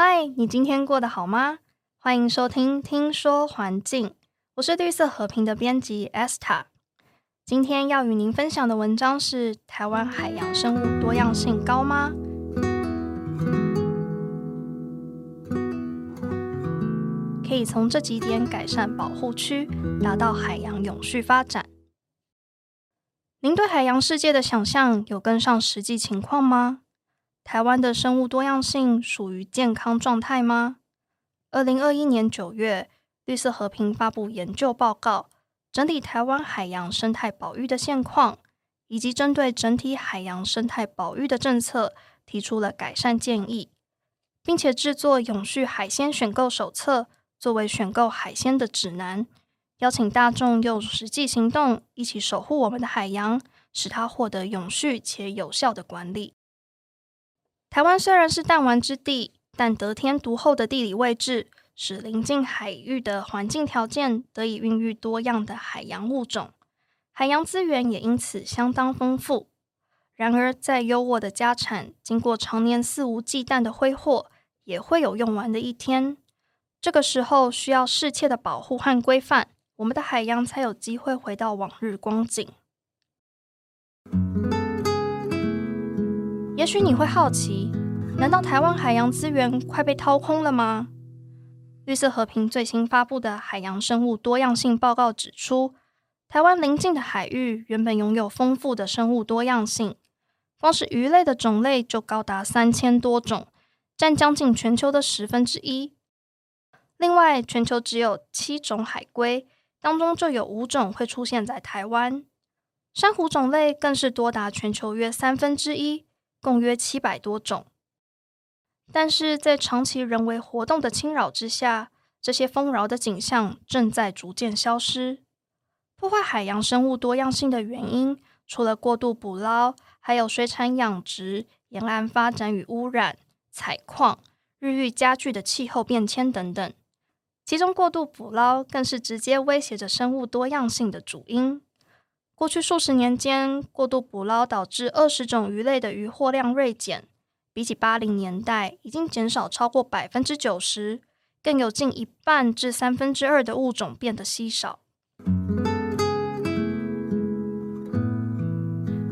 嗨，你今天過得好嗎？歡迎收聽《聽說環境》，我是綠色和平的編輯 Esther。今天要與您分享的文章是《台灣海洋生物多樣性高嗎》？可以從這幾點改善保護區，達到海洋永續發展。您對海洋世界的想象有跟上實際情況嗎？臺灣的生物多樣性屬於健康狀態嗎？二零二一年九月，綠色和平發布研究報告，整理臺灣海洋生態保育的現況，以及針對整體海洋生態保育的政策，提出了改善建議，並且制作永續海鮮選購手冊，作為選購海鮮的指南，邀請大眾用實際行動一起守護我們的海洋，使它獲得永續且有效的管理。台灣雖然是彈丸之地，但得天獨厚的地理位置，使鄰近海域的環境條件得以孕育多樣的海洋物種，海洋資源也因此相當豐富。然而，再優渥的家產經過常年肆無忌憚的揮霍，也會有用完的一天。這個時候，需要適切的保護和規範，我們的海洋才有機會回到往日光景。也許你會好奇，難道台灣海洋資源快被掏空了嗎？綠色和平最新發布的海洋生物多樣性報告指出，台灣鄰近的海域原本擁有豐富的生物多樣性，光是魚類的種類就高達三千多種，佔將近全球的十分之一。另外，全球只有七種海龜，當中就有五種會出現在台灣。珊瑚種類更是多達全球約三分之一。共約七百多種，但是在長期人為活動的侵擾之下，這些豐饒的景象正在逐漸消失。破壞海洋生物多樣性的原因，除了過度捕撈，還有水產養殖、沿岸發展與污染、採礦、日益加劇的氣候變遷等等。其中，過度捕撈更是直接威脅着生物多樣性的主因。過去數十年間，過度捕撈導致二十種魚類的漁獲量銳減，比起八零年代已經減少超過百分之九十，更有近一半至三分之二的物種變得稀少。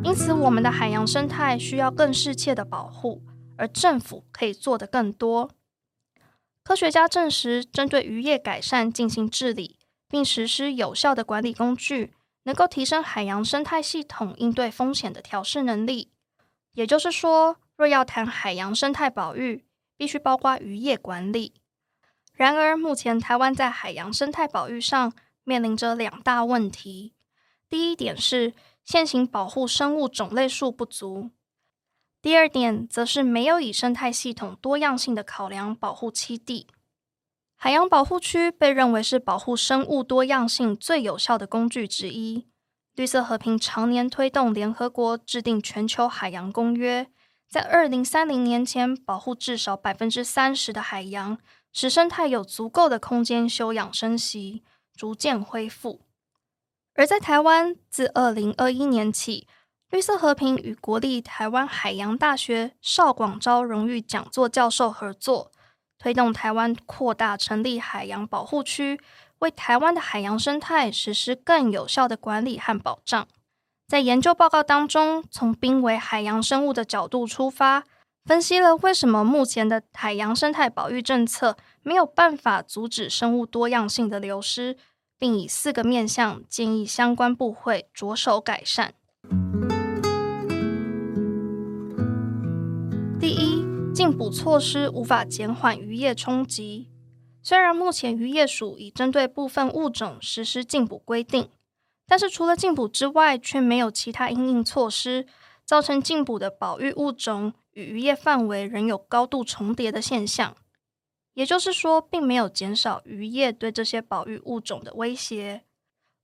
因此，我們的海洋生態需要更適切的保護，而政府可以做得更多。科學家證實，針對漁業改善進行治理，並實施有效的管理工具。能夠提升海洋生態系統應對風險的調適能力，也就是說，若要談海洋生態保育，必須包括漁業管理。然而，目前台灣在海洋生態保育上面臨着兩大問題：第一點是現行保護生物種類數不足；第二點則是沒有以生態系統多樣性的考量保護棲地。海洋保護區被認為是保護生物多樣性最有效的工具之一。綠色和平常年推動聯合國制定全球海洋公約，在二零三零年前保護至少百分之三十的海洋，使生態有足夠的空間休養生息，逐漸恢復。而在台灣，自二零二一年起，綠色和平與國立台灣海洋大學邵廣昭榮譽講座教授合作。推動台灣擴大成立海洋保護區，為台灣的海洋生態實施更有效的管理和保障。在研究報告當中，從瀕危海洋生物的角度出發，分析了為什麼目前的海洋生態保育政策沒有辦法阻止生物多樣性的流失，並以四個面向建議相關部會着手改善。禁捕措施無法減緩漁業衝擊。雖然目前漁業署已針對部分物種實施禁捕規定，但是除了禁捕之外，卻沒有其他因應措施，造成禁捕的保育物種與漁業範圍仍有高度重疊的現象。也就是說，並沒有減少漁業對這些保育物種的威脅。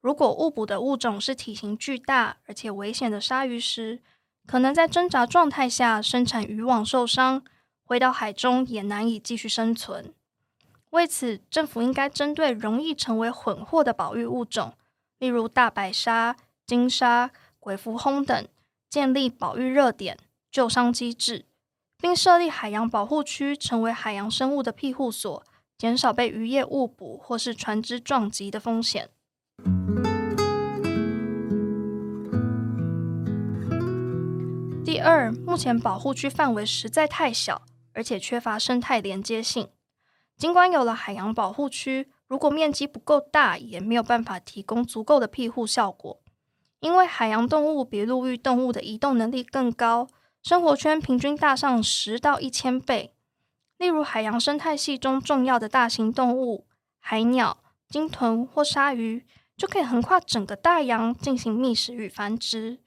如果誤捕的物種是體型巨大而且危險的鯊魚時，可能在掙扎狀態下生產漁網受傷。回到海中也難以繼續生存。為此，政府應該針對容易成為混獲的保育物種，例如大白鯊、鯨鯊、鬼蝠鱝等，建立保育熱點救傷機制，並設立海洋保護區，成為海洋生物的庇護所，減少被漁業誤捕或是船隻撞擊的風險。第二，目前保護區範圍實在太小。而且缺乏生態連接性。儘管有了海洋保護區，如果面積不夠大，也沒有辦法提供足夠的庇護效果。因為海洋動物比陸域動物的移動能力更高，生活圈平均大上十到一千倍。例如，海洋生態系中重要的大型動物，海鳥、鯨豚或鯊魚，就可以橫跨整個大洋進行覓食與繁殖。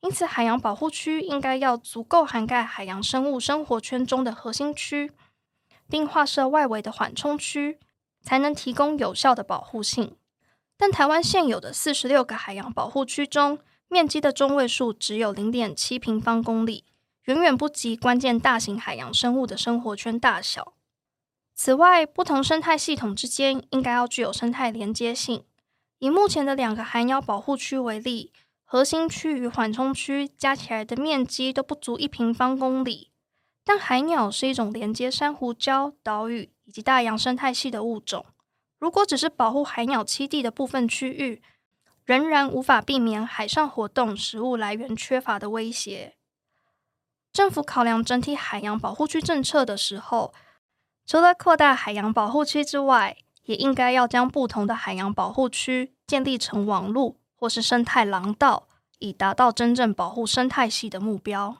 因此，海洋保護區應該要足夠涵蓋海洋生物生活圈中的核心區，並劃設外圍的緩衝區，才能提供有效的保護性。但台灣現有的四十六個海洋保護區中，面積的中位數只有零點七平方公里，遠遠不及關鍵大型海洋生物的生活圈大小。此外，不同生態系統之間應該要具有生態連接性。以目前的兩個海洋保護區為例，核心區與緩衝區加起來的面積都不足一平方公里，但海鳥是一種連接珊瑚礁、島嶼以及大洋生態系的物種。如果只是保護海鳥棲地的部分區域，仍然無法避免海上活動、食物來源缺乏的威脅。政府考量整體海洋保護區政策的時候，除了擴大海洋保護區之外，也應該要將不同的海洋保護區建立成網路。或是生態廊道，以達到真正保護生態系的目標。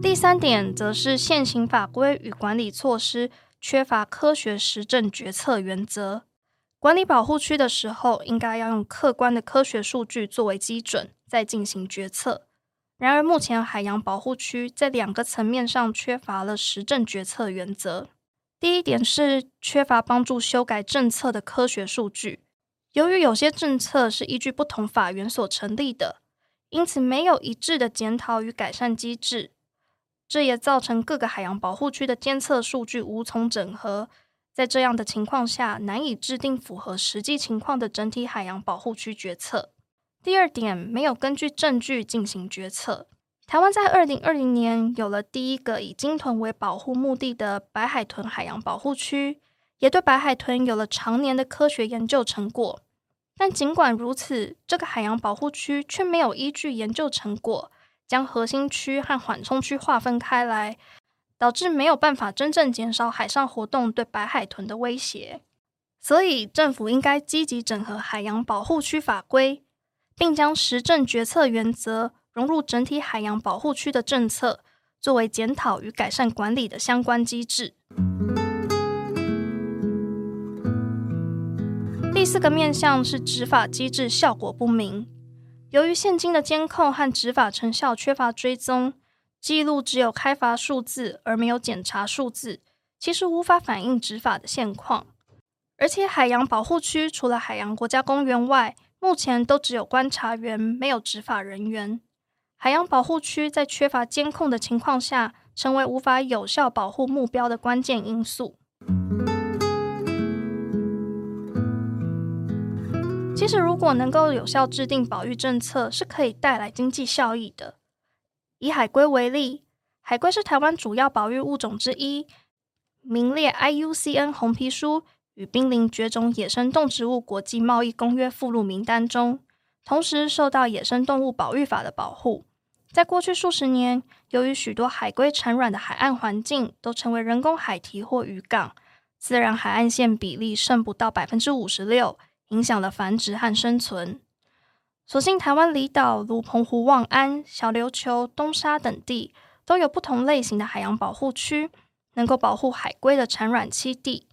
第三點則是現行法規與管理措施缺乏科學實證決策原則。管理保護區的時候，應該要用客觀的科學數據作為基準，再進行決策。然而，目前海洋保護區在兩個層面上缺乏了實證決策原則。第一點是缺乏幫助修改政策的科學數據。由於有些政策是依據不同法源所成立的，因此沒有一致的檢討與改善機制。這也造成各個海洋保護區的監測數據無從整合，在這樣的情況下，難以制定符合實際情況的整體海洋保護區決策。第二點，沒有根據證據進行決策。台灣在二零二零年有了第一個以鯨豚為保護目的的白海豚海洋保護區，也對白海豚有了常年的科學研究成果。但儘管如此，這個海洋保護區卻沒有依據研究成果將核心區和緩衝區劃分開來，導致沒有辦法真正減少海上活動對白海豚的威脅。所以，政府應該積極整合海洋保護區法規，並將實證決策原則。融入整體海洋保護區的政策，作為檢討與改善管理的相關機制。第四個面向是執法機制效果不明，由於現今的監控和執法成效缺乏追蹤記錄，只有開罰數字而沒有檢查數字，其實無法反映執法的現況。而且，海洋保護區除了海洋國家公園外，目前都只有觀察員，沒有執法人員。海洋保護區在缺乏監控的情況下，成為無法有效保護目標的關鍵因素。其實，如果能夠有效制定保育政策，是可以帶來經濟效益的。以海龜為例，海龜是台灣主要保育物種之一，名列 IUCN 紅皮書與瀕臨絕種野生動植物國際貿易公約附錄名單中，同時受到野生動物保育法的保護。在過去數十年，由於許多海龜產卵的海岸環境都成為人工海堤或漁港，自然海岸線比例剩不到百分之五十六，影響了繁殖和生存。所幸台灣離島如澎湖、望安、小琉球、東沙等地都有不同類型的海洋保護區，能夠保護海龜的產卵棲地，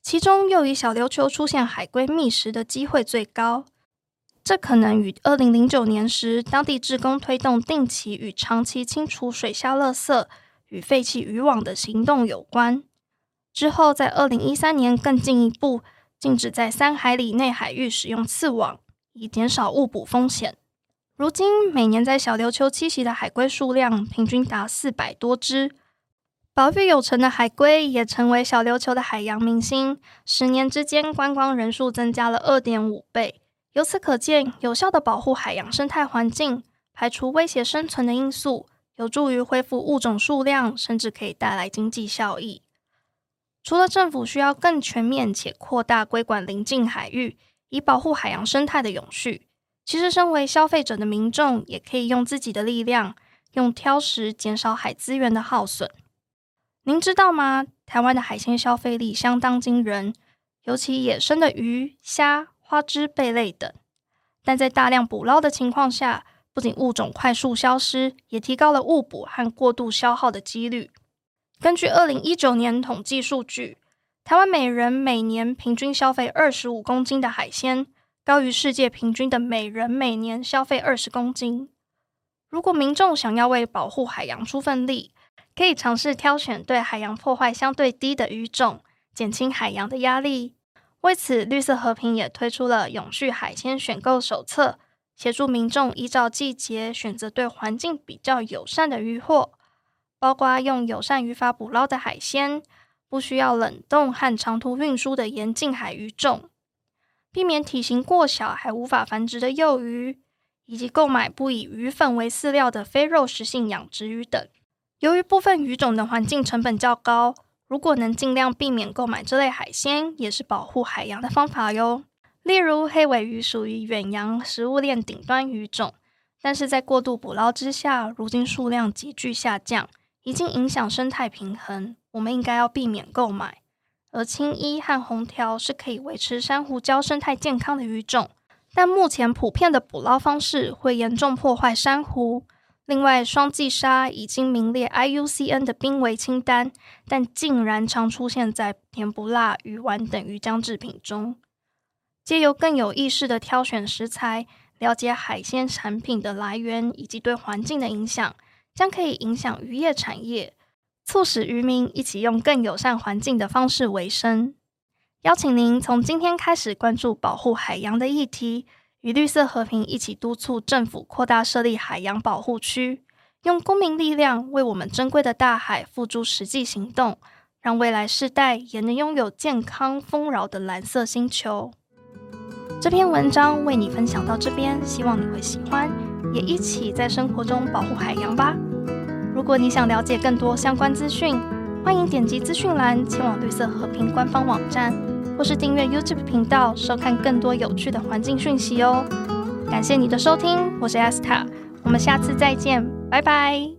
其中又以小琉球出現海龜覓食的機會最高。這可能與二零零九年時當地志工推動定期與長期清除水下垃圾與廢棄漁網的行動有關。之後在二零一三年更進一步禁止在三海里內海域使用刺網，以減少誤捕風險。如今每年在小琉球棲息的海龜數量平均達四百多隻，保育有成的海龜也成為小琉球的海洋明星。十年之間，觀光人數增加了二點五倍。由此可見，有效的保護海洋生態環境，排除威脅生存的因素，有助於恢復物種數量，甚至可以帶來經濟效益。除了政府需要更全面且擴大規管鄰近海域，以保護海洋生態的永續，其實身為消費者的民眾，也可以用自己的力量，用挑食減少海資源的耗損。您知道嗎？台灣的海鮮消費力相當驚人，尤其野生的魚蝦、蝦、花枝、貝類等，但在大量捕撈的情況下，不僅物種快速消失，也提高了誤捕和過度消耗的幾率。根據二零一九年統計數據，台灣每人每年平均消費二十五公斤的海鮮，高於世界平均的每人每年消費二十公斤。如果民眾想要為保護海洋出份力，可以嘗試挑選對海洋破壞相對低的魚種，減輕海洋的壓力。為此，綠色和平也推出了《永續海鮮選購手冊》，協助民眾依照季節選擇對環境比較友善的漁獲，包括用友善漁法捕撈的海鮮，不需要冷凍和長途運輸的沿近海魚種，避免體型過小還無法繁殖的幼魚，以及購買不以魚粉為飼料的非肉食性養殖魚等。由於部分魚種的環境成本較高，如果能盡量避免購買這類海鮮，也是保護海洋的方法喲。例如，黑鮪魚屬於遠洋食物鏈頂端魚種，但是在過度捕撈之下，如今數量急劇下降，已經影響生態平衡。我們應該要避免購買。而青衣和紅條是可以維持珊瑚礁生態健康的魚種，但目前普遍的捕撈方式會嚴重破壞珊瑚。另外，雙髻鯊已經名列 I U C N 的瀕危清單，但竟然常出現在甜不辣、魚丸等魚漿制品中。借由更有意識的挑選食材，了解海鮮產品的來源以及對環境的影響，將可以影響漁業產業，促使漁民一起用更友善環境的方式維生。邀請您從今天開始關注保護海洋的議題。與綠色和平一起督促政府擴大設立海洋保護區，用公民力量為我們珍貴的大海付諸實際行動，讓未來世代也能擁有健康豐饒的藍色星球。這篇文章為你分享到這邊，希望你會喜歡，也一起在生活中保護海洋吧。如果你想了解更多相關資訊，歡迎點擊資訊欄前往綠色和平官方網站。或是訂閱 YouTube 頻道，收看更多有趣的環境訊息哦！感謝你的收聽，我是 Asta，我們下次再見，拜拜。